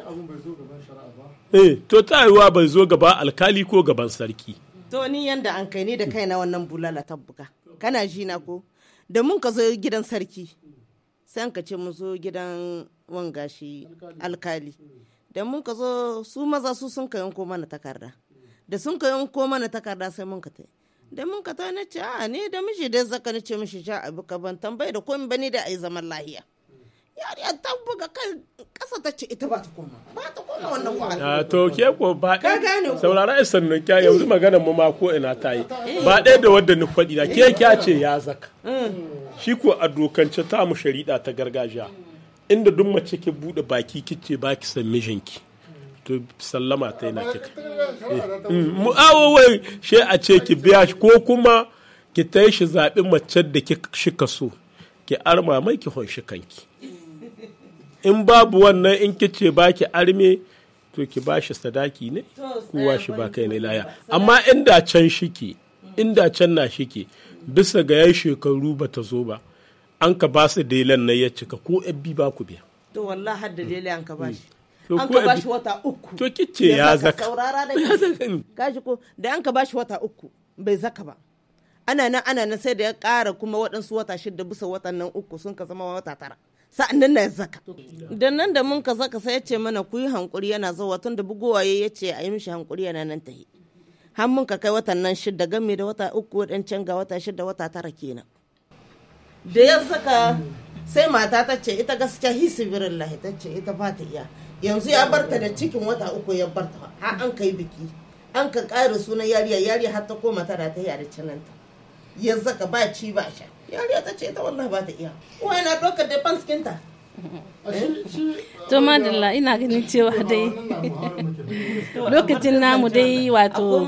S4: eh, to ta bai zo gaba alkali ko gaban sarki
S5: to ni yanda an kai ni da kaina wannan bulala ta buga kana ji na ko da mun ka zo gidan sarki sai an ka ce mun zo gidan wanga shi alkali da mun ka zo su maza su sun ka yanko mana takarda da sun ka yanko mana takarda sai mun ka ta da mun ka ta na ce a ni da miji dai zaka ni ce mishi ja abu ka ban tambaye da komai bani da ai zaman lahiya yariya ta buga kan kasa ta ce ita ba ta koma ba ta koma wannan wahala
S4: to ke ko ba ka gane saurara isan nan kya yanzu magana mu ma ko ina ta yi ba ɗaya da wadda ni faɗi da ke kya ce ya zaka shi ko a dokance ta mu sharida ta gargajiya inda duk mace ke bude baki kice baki san mijinki to sallama ta yana kika mu awo wai she a ce ki biya ko kuma ki tayi shi zaɓi mace da ki shi so ki arma mai ki honshi kanki in babu wannan in kice baki arme to ki ba shi sadaki ne kowa shi ba kai ne laya amma inda can shike inda can na shike bisa ga yan shekaru ba ta zo ba an ka ba su dailan na ya cika ko abbi ba ku biya
S5: to wallahi har da dailan an ka ba shi an ka ba shi wata uku
S4: to kice ya zaka
S5: kashi ko da an ka ba shi wata uku bai zaka ba ana nan ana nan sai da ya kara kuma waɗansu wata shida bisa watan nan uku sun ka zama wata tara sa'annan na zaka dan nan da mun ka zaka sai yace ce mana ku yi hankuri yana zuwa tun da bugowa ya ce a yi mishi hankuri yana nan tahi har mun ka kai watan nan shidda game da wata uku can ga wata shidda wata tara kenan da ya zaka sai mata ta ce ita gaskiya hisibirin lahi ta ce ita ba ta iya yanzu ya barta da cikin wata uku ya barta har an kai biki an ka ƙara sunan yariya yariya har ta koma tana ta yare cananta ya zaka ba ci ba sha yariya ta ce ta eh,
S1: ina ganin cewa dai lokacin namu dai wato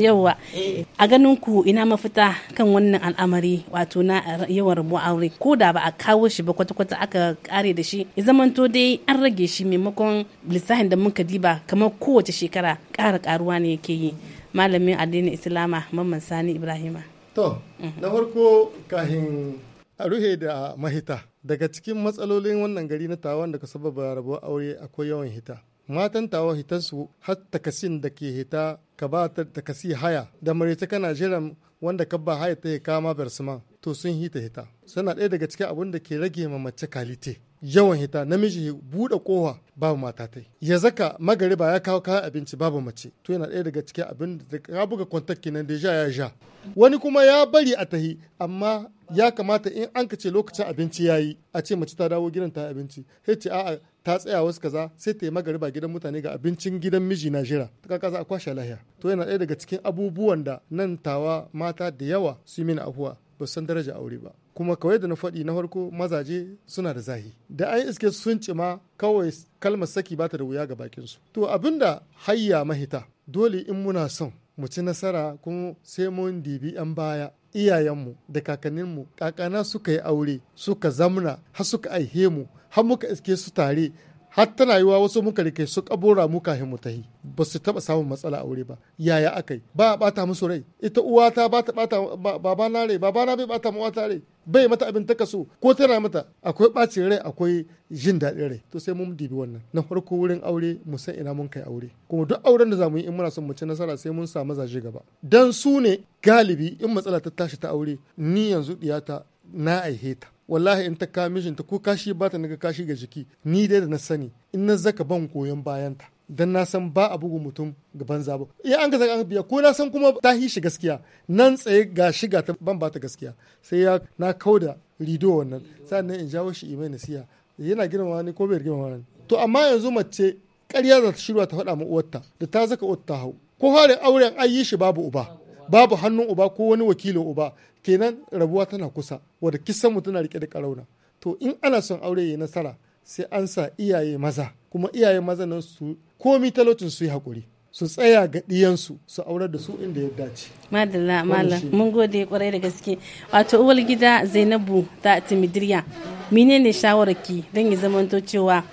S1: yawa eh. a ganin ku ina mafita kan wannan al'amari wato na yawan rabu aure ko da ba a kawo shi ba kwata-kwata aka kare da shi zamanto dai an rage shi maimakon lissahin da muka diba kamar kowace shekara ƙara karuwa ne yake yi malamin addinin islama mamman sani ibrahima to na
S3: farko kahin a ruhe da mahita daga cikin matsalolin wannan gari na tawon da ka sababa rabuwar aure akwai yawan hita matan tawa hitansu har takasin da ke hita ka ba ta takasi haya da marita kana jiran wanda ka ba haya ta kama bersima to sun hita hita suna ɗaya daga cikin abun da ke rage ma mace kalite yawan hita namiji buɗe kowa babu mata matatai ya zaka magariba ya kawo kayan abinci babu mace to yana ɗaya daga cikin abin da ka buga kwantar kenan da ya ja wani kuma ya bari a tahi amma ya kamata in an ka ce lokacin abinci ya yi a ce mace ta dawo gidan ta abinci sai ce a'a ta tsaya wasu kaza sai ta yi magariba gidan mutane ga abincin gidan miji na jira ta za a kwashe lahiya to yana ɗaya daga cikin abubuwan da nan tawa mata da yawa su yi mini afuwa ba san daraja aure ba kuma kawai da na faɗi na farko mazaje suna da zahi da an iske sun cima kawai kalmar saki bata da wuya ga bakin su to abinda hayya mahita dole in muna son mu ci nasara kuma sai mun dibi 'yan baya iyayenmu da kakanninmu kakana suka yi aure suka zamna har suka aihe mu har muka iske su tare har tana wasu muka rike su kabura mu kafin mu tahi ba su taba samun matsala a wuri ba yaya akai ba a bata musu rai ita uwa ta ba ta bata baba na rai baba na bai bata mu ta rai bai mata abin ta kaso ko tana mata akwai bacin rai akwai jin daɗin rai to sai mun dibi wannan na farko wurin aure mu san ina mun kai aure kuma duk auren da zamu yi in muna son mu ci nasara sai mun samu zaje gaba dan su ne galibi in matsala ta tashi ta aure ni yanzu diyata na aihe ta wallahi in ta kawo mijinta ko kashi ba ta naga kashi ga jiki ni dai da na sani in na zaka ban koyon bayanta dan na san ba a bugu mutum gaban zaba ya an gaza an biya ko na san kuma ta hi shi gaskiya nan tsaye ga shiga ta ban ba ta gaskiya sai ya na da rido wannan sannan in jawo shi imai Nasiya yana girma ne ko bai girma ne to amma yanzu mace ƙarya za ta shirya ta faɗa ma uwarta da ta zaka uwarta hau ko harin auren an yi shi babu uba babu hannun uba ko wani wakilin uba kenan rabuwa tana kusa wadda kisan mu tana rike da karauna to in ana son aure ya nasara sai an sa iyaye maza kuma iyaye maza nan su komi talotin su yi hakuri su tsaya ga diyansu su aurar da su inda ya dace.
S1: Madalla malam mun gode kwarai da gaske wato uwal gida Zainabu ta Timidiriya menene shawararki don ya zamanto cewa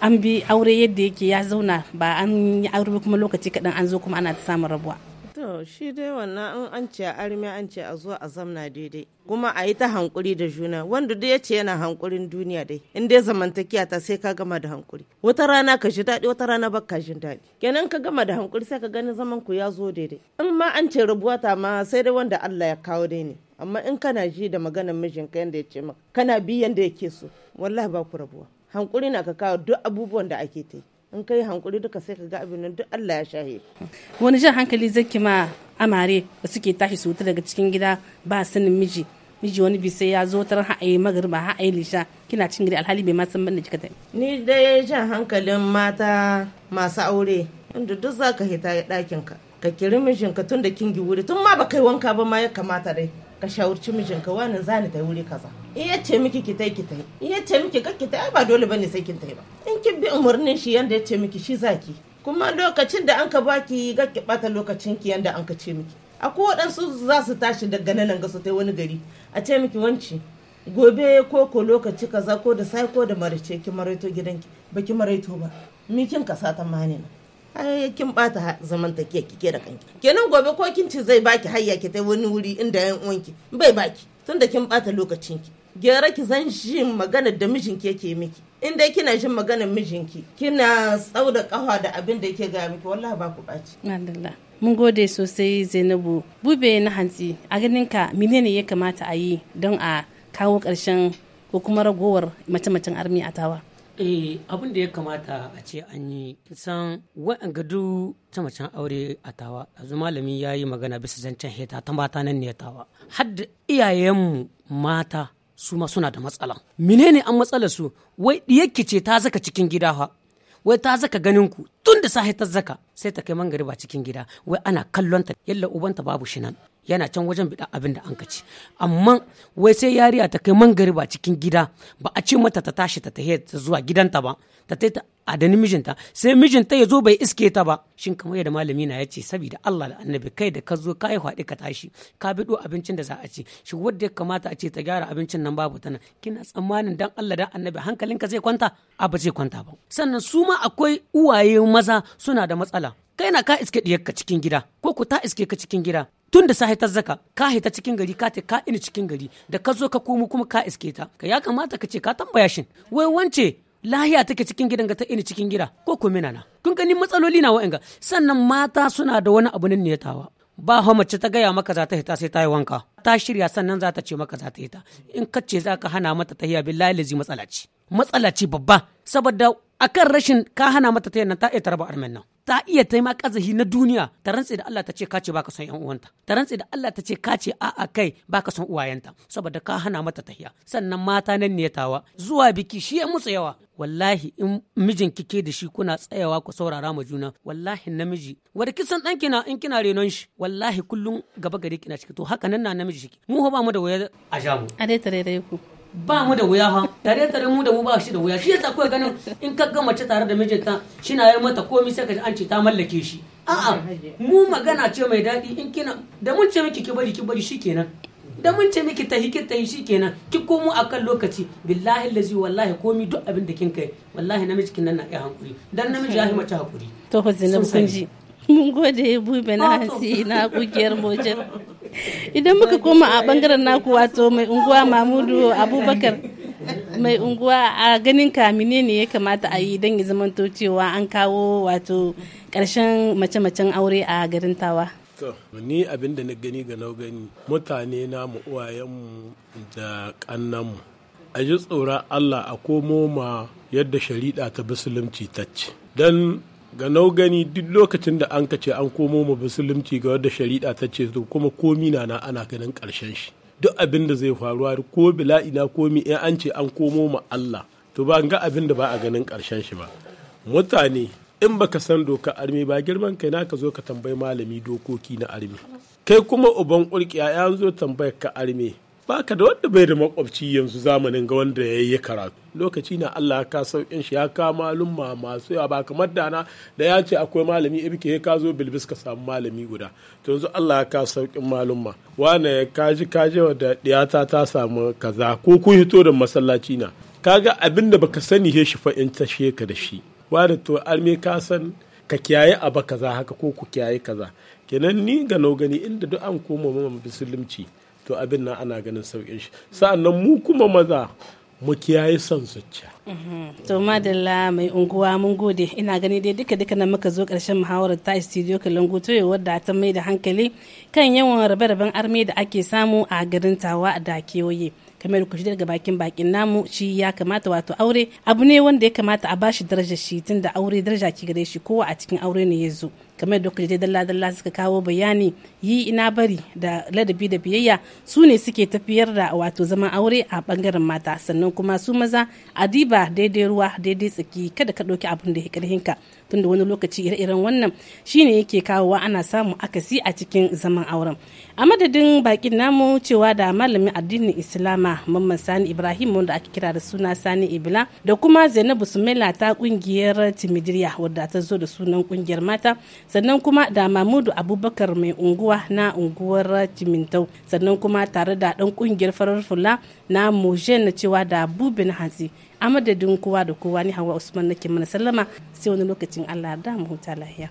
S1: an bi aure yadda yake ya zauna ba an yi aure kuma lokaci kaɗan an zo kuma ana ta samun rabuwa.
S5: To shi dai wannan an an ce a arme an ce a zuwa a zamna daidai kuma a yi ta hankuri da juna wanda duk ya ce yana hankurin duniya dai in dai zamantakiya ta sai ka gama da hankuri wata rana ka ji daɗi wata rana baka jin daɗi kenan ka gama da hankuri sai ka gani zaman ku ya zo daidai in ma an ce rabuwa ta ma sai dai wanda Allah ya kawo dai ne amma in kana ji da maganar mijinka yanda ya ce maka kana bi yanda yake so wallahi ba ku rabuwa hankuri na ka kawo duk abubuwan da ake ta in kai hankuri duka sai ka ga abin nan duk Allah ya shahe
S1: wani jan hankali zaki ma amare da suke tashi su wuta daga cikin gida ba sanin miji miji wani bisa ya zo taran ha'ayi magariba ha'ayi lisha kina cin gida alhali bai ma san banda kika tafi
S5: ni dai jan hankalin mata masu aure inda duk zaka hita ɗakin ka ka kiri mijinka tun da kingi wuri tun ma ba kai wanka ba ma ya kamata dai ka shawarci mijinka wani zani ta wuri kaza iya ce miki ki tai ki tai iya ce miki ka ki tai ba dole bane sai kin tai ba in kin bi umarnin shi yanda ya ce miki shi zaki kuma lokacin da an ka baki ga ki bata lokacin ki yanda an ka ce miki akwai waɗansu za su tashi daga nan ga su tai wani gari a ce miki wanci gobe ko ko lokaci kaza ko da sai ko da marace ki maraito gidanki ki maraito ba mi kin kasa ta mani na ai kin bata zamantakiya kike da kanki kenan gobe ko kin ci zai baki hayya ki tai wani wuri inda yan uwanki bai baki tunda kin bata ki. gyara ki zan jin maganar da mijinki yake miki in dai kina jin maganar mijinki kina tsau da kafa da abin da yake ga miki wallahi ba ku alhamdulillah
S1: mun gode sosai zainabu bube na hantsi a ganin ka menene ya kamata a yi don a kawo ƙarshen ko kuma ragowar mace-macen armi a tawa
S2: eh abin da ya kamata a ce an yi san wa'an gadu ta macen aure a tawa yanzu malami ya yi magana bisa zancen heta ta mata nan ne tawa har da iyayenmu mata su ma suna da matsala menene an matsala su wai diyakki ce ta zaka cikin gida fa wai ta zaka ganin ku tun da sahi ta zaka sai ta kai mangariba cikin gida wai ana kallon ta yalla ubanta babu shi nan yana can wajen biɗa abin da an ka ci amma wai sai yariya ta kai mangariba cikin gida ba a ce mata ta tashi ta tahe ta zuwa gidanta ba ta ta a mijinta sai mijinta ya zo bai iske ta ba shin kamar yadda malami na ya ce saboda Allah da annabi kai da ka zo ka yi faɗi ka tashi ka biɗo abincin da za a ci shi wadda ya kamata a ce ta gyara abincin nan babu tana kina tsammanin dan Allah dan annabi hankalinka zai kwanta a ba zai kwanta ba sannan su ma akwai uwaye maza suna da matsala kai na ka iske ka cikin gida ko ku ta iske ka cikin gida tun da sahi zaka ka hita cikin gari ka ta ka ina cikin gari da ka zo ka komo kuma ka iske ta ka ya kamata ka ce ka tambaya shin wai wance lahiya take cikin gidan ga ta ini cikin gida ko ko mina kun gani matsaloli na wa'anga sannan mata suna da wani abu ne tawa. ba ha mace ta gaya maka za ta hita sai ta yi wanka ta shirya sannan za ta ce maka za ta hita in ka ce za ka hana mata ta hiya billahi lazi matsalaci matsalaci babba saboda akan rashin ka hana mata ta nan ta iya tarba armen nan ta iya taima kazahi na duniya ta rantse da Allah ta ce kace baka son yan uwanta ta rantse da Allah ta ce kace a'a kai baka son uwayenta saboda ka hana mata tahiya sannan mata nan ne tawa zuwa biki shi ya musu yawa wallahi in mijin kike da shi kuna tsayawa ku saurara ma juna wallahi namiji wanda kisan dan kina in kina renon shi wallahi kullum gaba gari kina ciki to haka nan na namiji shi mu ba mu da waya a jamu a dai tare ku ba mu da wuya ha tare tare mu da mu ba shi da wuya shi yasa kawai ganin in ka ga mace tare da mijinta shi na yi mata komi sai ka ji an ce ta mallake shi a'a mu magana ce mai daɗi in kina da mun ce miki ki bari ki bari shikenan da mun ce miki tahi ki tahi shikenan ki komo akan lokaci billahi lazi wallahi komi duk abin da kin kai wallahi namiji kin nan na iya hankuri dan namiji ya mace hakuri
S1: to kun ji mun gode bube na hasi na kungiyar mojar idan muka koma a bangaren naku wato mai unguwa mamudu abubakar mai unguwa a ganin ka ne ya kamata a yi don cewa an kawo wato karshen mace-macen aure a garin tawa
S4: ni abin da na gani ga gani mutane na mu uwayenmu da kannanmu a ji tsoron allah a komo ma yadda shari'a ta musulunci ta ce don ga nau gani duk lokacin da an kace an komo mu musulunci ga wadda shari'a ta ce to kuma komi na na ana ganin karshen shi duk abin da zai faruwa ko ina komi in an ce an komo mu Allah to ba ga abin da ba a ganin karshen shi ba mutane in baka san doka armi ba girman kai naka zo ka tambayi malami dokoki na armi kai kuma uban kurkiya ya zo tambayar ka armi baka da wanda bai da makwabci yanzu zamanin ga wanda ya yi karatu lokaci na Allah ka saukin shi ya ka ma masu yawa baka kamar da ya ce akwai malami ibke ya ka zo bilbis ka samu malami guda to yanzu Allah ka saukin ma wane kaji je wa da diyata ta samu kaza ko kun hito da masallaci na kaga abin da baka sani he shi fa in ta ka da shi wane to alme ka san ka kiyaye abu kaza haka ko ku kiyaye kaza kenan ni ga nau gani inda duk an koma musulunci to abin nan ana ganin sauƙin shi sa'annan mu kuma maza mu kiyaye son zuciya.
S1: Mhm. to madalla mai unguwa mun gode ina gani dai duka duka na muka zo karshen muhawarar ta studio goto toyo wadda ta mai da hankali kan yawan rabe-raben armi da ake samu a garin tawa da kewaye kamar ku daga bakin bakin namu shi ya kamata wato aure abu ne wanda ya kamata a bashi darajar shi da aure daraja ki gare shi kowa a cikin aure ne ya zo kamar yadda kuka dalla dalla suka kawo bayani yi ina bari da ladabi da biyayya su ne suke tafiyar da wato zaman aure a bangaren mata sannan kuma su maza a diba daidai ruwa daidai tsaki kada ka ɗauki abin da ya karhinka tunda wani lokaci ire-iren wannan shine yake kawowa ana samun akasi a cikin zaman auren a madadin bakin namu cewa da malamin addinin islama mamman sani ibrahim wanda ake kira da suna sani ibila da kuma zainabu sumela ta kungiyar timidiriya wadda ta zo da sunan kungiyar mata sannan kuma da mamudu abubakar mai unguwa na unguwar jimintau sannan kuma tare da dan kungiyar farar fula na mojen na cewa da bubin hatsi a madadin kowa da kowa ni hawa usman nake mana sallama sai wani lokacin allah da mu huta lahiya